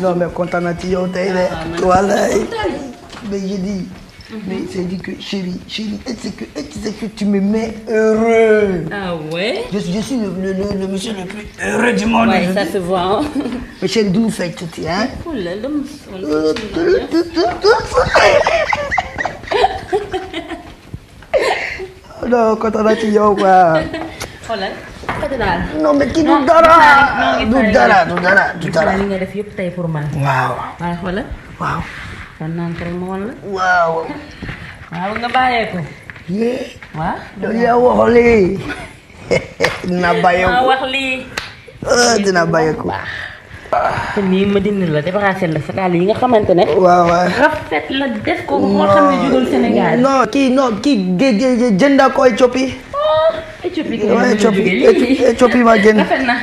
non mais kontaan naa ci yow tey de. wallaay mais j'ai dit. Mhm. mais c'est dit que chérie chérie est-ce que est-ce que tu me mets heureux. ah ouais. je, je suis le, le, le, le monsieur le plus heureux du monde. Ouais, ça se voit. mais chérie du mu fay tuuti ah. non kontaan naa ci yow quoi. non mais du dara du dara du dara du dara. li nga def yëpp tey pour waaw waaw. ma woon waaw. nga bàyyee ko. yee. waaw loolu wax lii. dina bàyyeeku ma wax lii. dina te nii ma la débarrassé la yi nga xamante ne. waaw waaw rafet la def ko. moo xam ne jugal Sénégal. non kii non kii koy coppi. Oh. Éthiopie Éthiopie ma génn rafet na.